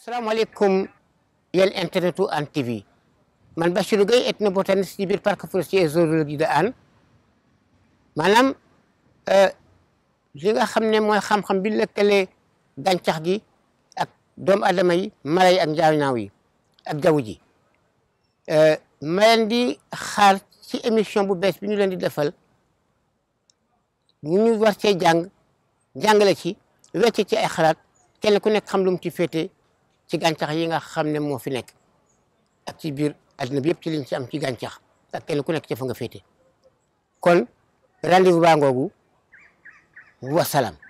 asalaamaaleykum yéen internetu Hann TV man Bassirou Gueye ethnobotaniste ci biir parc forestier et zoologique de Hann maanaam euh, li nga xam ne mooy xam-xam bi lëkkale gàncax gi ak doom aadama yi mala yi ak njaawnaaw yi ak jaww ji euh, ma di xaar ci émission bu bees bi ñu leen di defal ñu ñu war cee jàng jàngale ci wecce ci ay xalaat kenn ku nekk xam lum mu ci ci gàncax yi nga xam ne moo fi nekk ak ci biir adduna bi yëpp ci liñ ci am ci gàncax ak kenn ku nekk ca fa nga féete kon rendez-vous baa ngoogu wasalaam